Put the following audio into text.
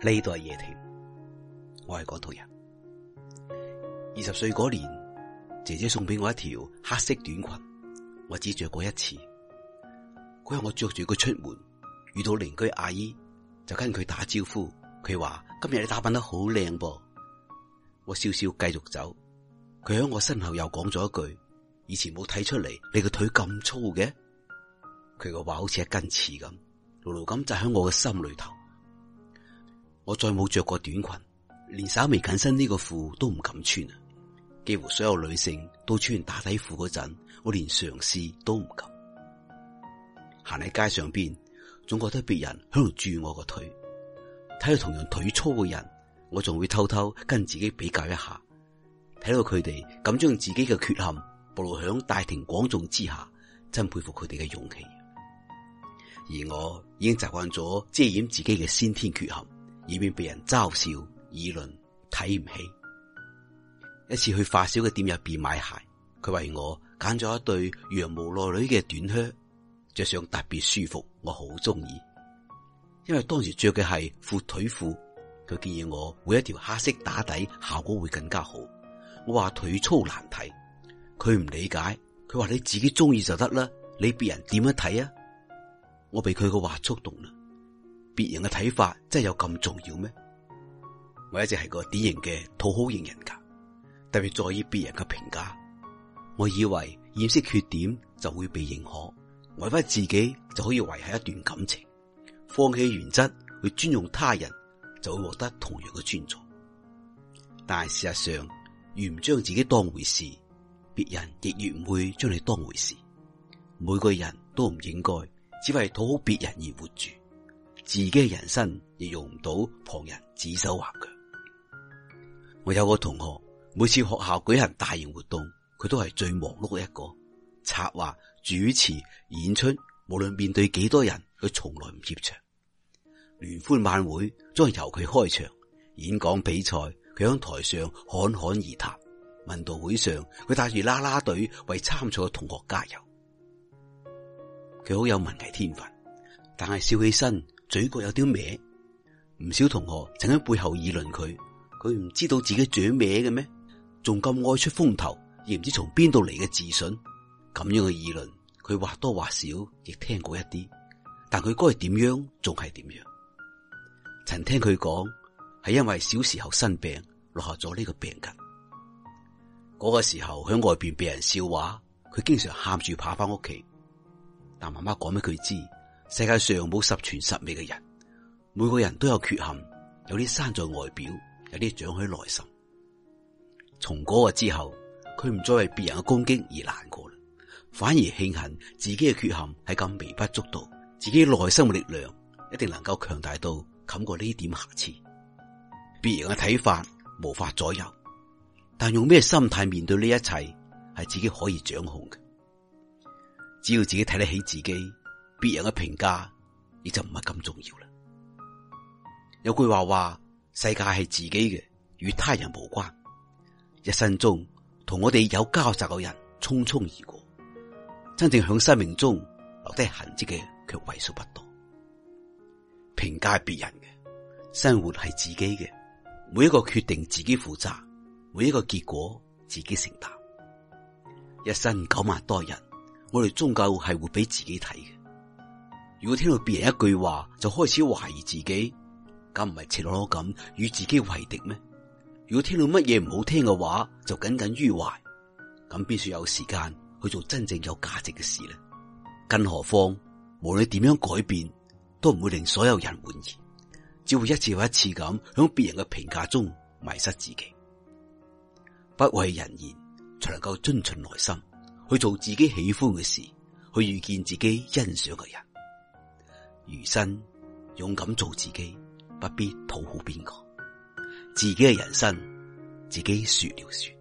呢度係夜田，我係廣東人。二十歲嗰年，姐姐送俾我一條黑色短裙，我只着過一次。嗰日我着住佢出門，遇到鄰居阿姨，就跟佢打招呼。佢話：今日你打扮得好靚噃。我笑笑繼續走，佢喺我身後又講咗一句：以前冇睇出嚟，你個腿咁粗嘅。佢個話好似係根刺咁，牢牢咁扎喺我嘅心裏頭。我再冇着過短裙，連稍微緊身呢個褲都唔敢穿啊！幾乎所有女性都穿打底褲嗰陣，我連嘗試都唔敢。行喺街上邊，總覺得別人喺度住我個腿。睇到同樣腿粗嘅人，我仲會偷偷跟自己比較一下。睇到佢哋咁將自己嘅缺陷暴露響大庭廣眾之下，真佩服佢哋嘅勇氣。而我已經習慣咗遮掩自己嘅先天缺陷。以免被人嘲笑議論睇唔起。一次去發小嘅店入邊買鞋，佢為我揀咗一對羊毛內裏嘅短靴，着上特別舒服，我好中意。因為當時着嘅係闊腿褲，佢建議我換一條黑色打底，效果會更加好。我話腿粗難睇，佢唔理解，佢話你自己中意就得啦，你別人點樣睇啊？我被佢嘅話觸動啦。別人嘅睇法真係有咁重要咩？我一直係個典型嘅討好型人格，特別在意別人嘅評價。我以為掩飾缺點就會被認可，委屈自己就可以維繫一段感情。放棄原則去尊重他人，就會獲得同樣嘅尊重。但係事實上，越唔將自己當回事，別人亦越唔會將你當回事。每個人都唔應該只為討好別人而活住。自己嘅人生亦用唔到旁人指手畫腳。我有個同學，每次學校舉行大型活動，佢都係最忙碌嘅一個，策劃、主持、演出，無論面對幾多人，佢從來唔怯場。聯歡晚會將係由佢開場，演講比賽佢響台上侃侃而談，運動會上佢帶住啦啦隊為參賽嘅同學加油。佢好有文藝天分，但係笑起身。嘴角有啲歪，唔少同學曾喺背後議論佢。佢唔知道自己嘴歪嘅咩？仲咁愛出風頭，亦唔知從邊度嚟嘅自信。咁樣嘅議論，佢或多或少亦聽過一啲。但佢該點樣，仲係點樣？曾聽佢講，係因為小時候生病落下咗呢個病根。嗰、那個時候喺外邊俾人笑話，佢經常喊住跑返屋企。但媽媽講俾佢知。世界上冇十全十美嘅人，每個人都有缺陷，有啲生在外表，有啲長喺內心。從嗰個之後，佢唔再為別人嘅攻擊而難過啦，反而慶幸自己嘅缺陷係咁微不足道，自己內心嘅力量一定能夠強大到冚過呢點瑕疵。別人嘅睇法無法左右，但用咩心態面對呢一切係自己可以掌控嘅，只要自己睇得起自己，別人嘅評價，你就唔係咁重要啦。有句話話：世界係自己嘅，與他人無關。一生中同我哋有交集嘅人匆匆而過，真正響生命中留低痕迹嘅，卻為數不多。評價係別人嘅，生活係自己嘅。每一個決定自己負責，每一個結果自己承擔。一生九萬多人，我哋終究係會俾自己睇嘅。如果聽到別人一句話就開始懷疑自己，咁唔係赤裸裸咁與自己為敵咩？如果聽到乜嘢唔好聽嘅話，就耿耿於懷，咁必須有時間去做真正有價值嘅事呢？更何況無論點樣改變，都唔會令所有人滿意，只會一次又一次咁響別人嘅評價中迷失自己。不畏人言，才能夠遵循內心去做自己喜歡嘅事，去遇見自己欣賞嘅人。餘生勇敢做自己，不必討好邊個，自己嘅人生自己說了算。